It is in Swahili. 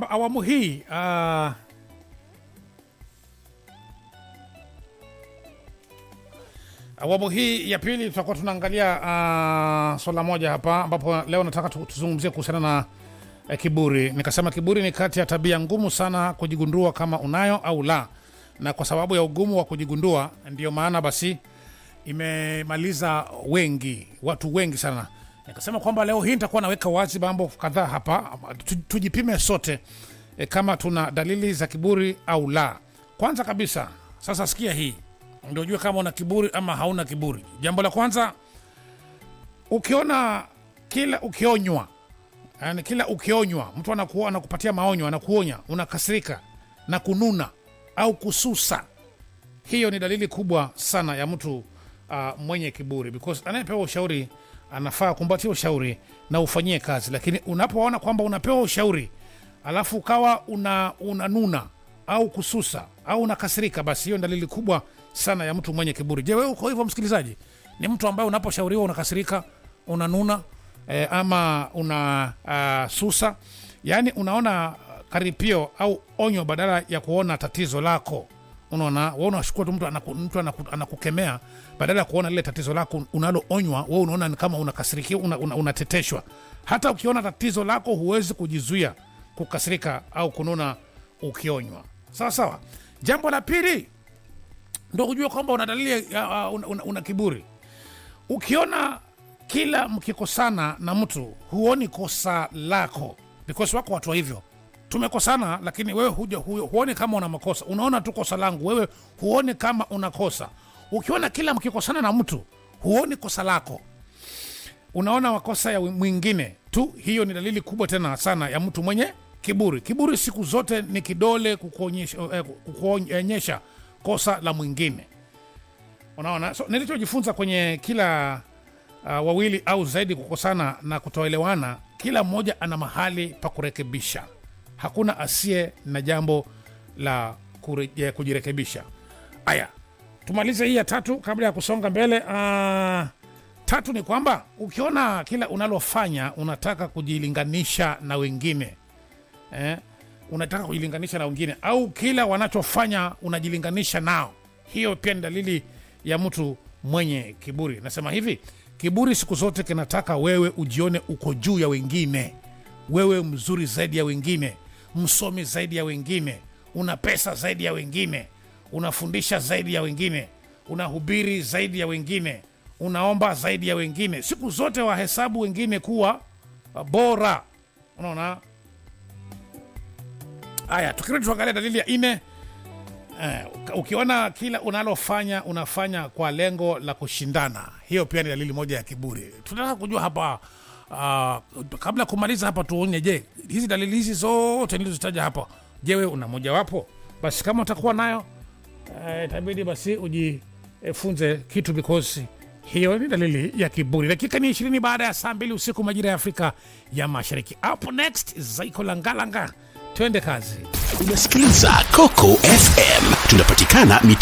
kwamba awamu hii uh, awamu hii ya pili tutakuwa tunaangalia uh, swala moja hapa, ambapo leo nataka tuzungumzie kuhusiana na eh, kiburi. Nikasema kiburi ni kati ya tabia ngumu sana kujigundua kama unayo au la, na kwa sababu ya ugumu wa kujigundua, ndio maana basi imemaliza wengi, watu wengi sana nikasema kwamba leo hii nitakuwa naweka wazi mambo kadhaa hapa, tujipime sote e, kama tuna dalili za kiburi au la. Kwanza kabisa, sasa sikia hii ndio kama una kiburi ama hauna kiburi. Jambo la kwanza, ukiona kila ukionywa, yani kila ukionywa, mtu anakuwa anakupatia maonyo, anakuonya, unakasirika na kununa au kususa, hiyo ni dalili kubwa sana ya mtu uh, mwenye kiburi because anayepewa ushauri anafaa kumbatia ushauri na ufanyie kazi, lakini unapoona kwamba unapewa ushauri alafu ukawa una, unanuna au kususa au unakasirika, basi hiyo dalili kubwa sana ya mtu mwenye kiburi. Je, wewe uko hivyo msikilizaji? Ni mtu ambaye unaposhauriwa unakasirika, unanuna e, ama una a, uh, susa, yaani unaona karipio au onyo badala ya kuona tatizo lako unaona w unashukua tu mtu anaku, mtu anaku, anakukemea badala ya kuona lile tatizo lako unaloonywa w unaona ni kama unakasirikiwa una, una, hata ukiona tatizo lako huwezi kujizuia kukasirika au kununa ukionywa sawa sawa jambo la pili ndo kujua kwamba una dalili uh, una, una, una kiburi ukiona kila mkikosana na mtu huoni kosa lako because wako watu wa hivyo tumekosana, lakini wewe huja huyo, huoni kama una makosa, unaona tu kosa langu, wewe huoni kama unakosa Ukiona kila mkikosana na mtu huoni kosa lako, unaona makosa ya mwingine tu, hiyo ni dalili kubwa tena sana ya mtu mwenye kiburi. Kiburi siku zote ni kidole kukuonyesha, eh, kosa la mwingine. Unaona, so, nilichojifunza kwenye kila uh, wawili au zaidi kukosana na kutoelewana, kila mmoja ana mahali pa kurekebisha hakuna asiye na jambo la kure, kujirekebisha. Aya, tumalize hii ya tatu kabla ya kusonga mbele. Aa, ah, tatu ni kwamba ukiona kila unalofanya unataka kujilinganisha na wengine eh, unataka kujilinganisha na wengine au kila wanachofanya unajilinganisha nao, hiyo pia ni dalili ya mtu mwenye kiburi. Nasema hivi, kiburi siku zote kinataka wewe ujione uko juu ya wengine, wewe mzuri zaidi ya wengine msomi zaidi ya wengine, una pesa zaidi ya wengine, unafundisha zaidi ya wengine, unahubiri zaidi ya wengine, unaomba zaidi ya wengine, siku zote wahesabu wengine kuwa bora. Unaona haya, tukirudi tuangalia dalili ya ine eh, ukiona kila unalofanya unafanya kwa lengo la kushindana, hiyo pia ni dalili moja ya kiburi. Tunataka kujua hapa Uh, kabla kumaliza hapa tuone, je, hizi dalili hizi zote nilizotaja hapa, je, wewe una mojawapo? Basi kama utakuwa nayo eh, itabidi uh, basi ujifunze uh, kitu because hiyo ni dalili ya kiburi. Dakika ni ishirini baada ya saa mbili usiku majira ya Afrika ya Mashariki. Up next zaiko langalanga twende kazi. Unasikiliza Coco FM, tunapatikana